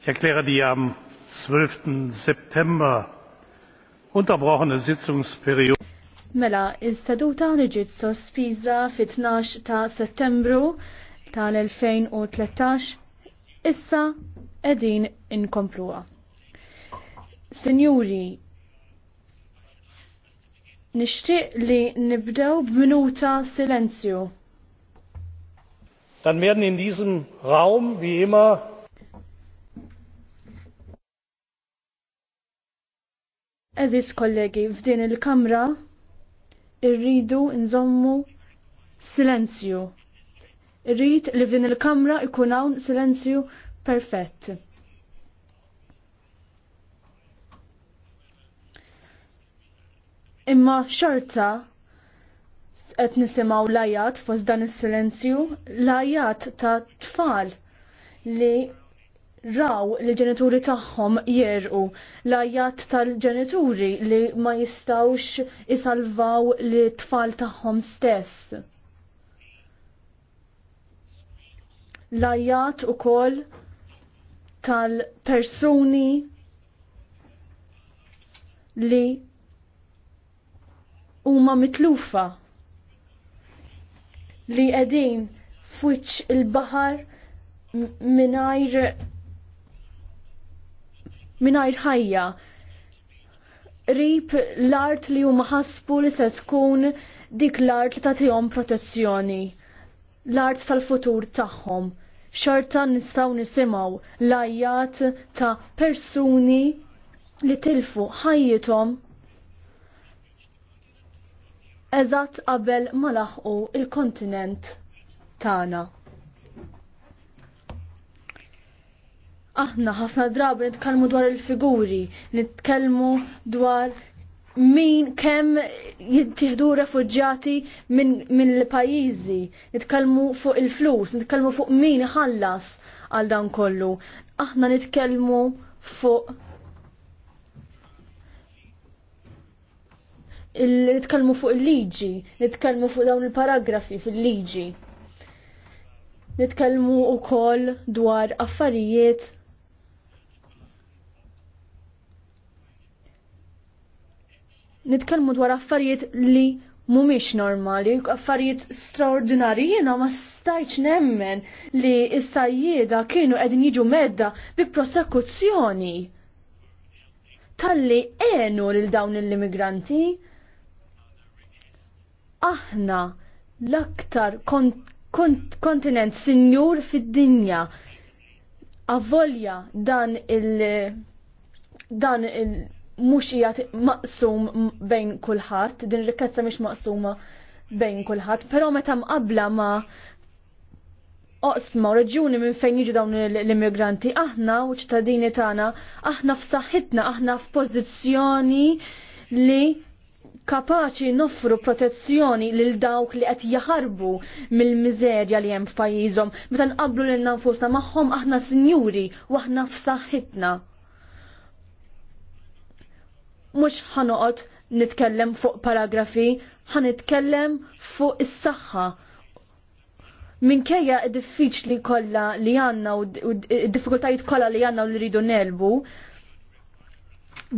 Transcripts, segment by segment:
ich erkläre die am. zwölf september unterbrochene sitzungsperiode Mela, istaduta li ġiet sospiża fit-12 ta' Settembru tal-2013 issa qegħdin inkompluha. Sinjuri, nixtieq li nibdew b'minuta silenzju. Dann werden in diesem Raum wie immer Eżis kollegi, f'din il-kamra irridu nżommu silenzju. Irrid li f'din il-kamra ikun hawn silenzju perfett. Imma xorta qed nisimgħu lajat fost dan is-silenzju, lajat ta' tfal li raw li ġenituri tagħhom jerqu l-ajjat tal-ġenituri li ma jistawx isalvaw li tfal tagħhom stess. Lajjat u koll tal-persuni li huma mitlufa li qegħdin fuċ il-baħar minajr minajr ħajja. Rib l-art li huma ħasbu li se tkun dik l-art li tagħtihom protezzjoni. L-art tal-futur tagħhom. Xorta nistgħu nisimgħu l-ajjat ta' persuni li tilfu ħajjithom eżatt qabel ma laħqu il-kontinent tagħna. Aħna ħafna drabi nitkellmu dwar il-figuri, nitkellmu dwar min kemm jittihdu refuġġjati minn l-pajjiżi, nitkellmu fuq il-flus, nitkellmu fuq min iħallas għal dan kollu. Aħna nitkellmu fuq nitkellmu fuq il-liġi, nitkellmu fuq dawn il-paragrafi fil-liġi. Nitkellmu wkoll dwar affarijiet nitkellmu dwar affarijiet li mumiex normali, affarijiet straordinari, jena ma stajċ nemmen li s-sajjeda kienu edin jiġu medda bi prosekuzzjoni. Talli enu lil dawn l-immigranti. Aħna l-aktar kont kont kontinent sinjur fid-dinja avvolja dan il- dan il- mhux qiegħed maqsum bejn kulħadd, din rikkazza rikkezza maqsuma bejn kulħadd, però meta mqabbla ma' oqsma u reġjuni minn fejn jiġu dawn l-immigranti, aħna u ċittadini tagħna, aħna f'saħħitna, aħna f'pożizzjoni li kapaċi noffru protezzjoni lil dawk li qed jaħarbu mill-miżerja li hemm f'pajjiżhom. Meta nqablu lil nfusna magħhom aħna sinjuri u aħna f'saħħitna mhux ħanoqgħod nitkellem fuq paragrafi, ħanitkellem fuq is-saħħa. Minkejja diffiċli diffiċ li għanna u id diffikultajiet kollha li għandna u li rridu nelbu,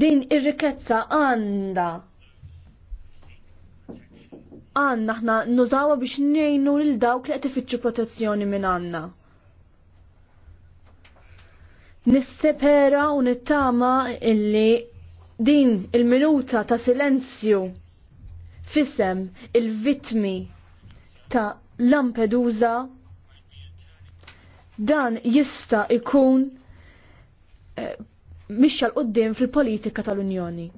din ir-rikezza għandha għanna ħna nużawa biex nejnu lil dawk li qed protezzjoni minn għandna. Nissepera u nittama illi din il-minuta ta' silenzju fissem il-vitmi ta' Lampedusa dan jista' ikun eh, mixa l-qoddim fil-politika tal-Unjoni.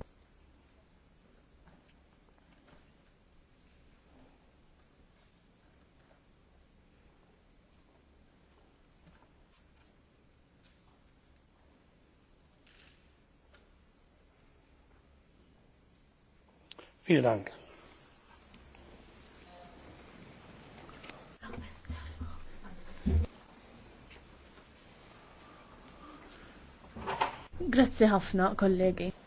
Vielen Dank. Grazie Hafna, kollegi.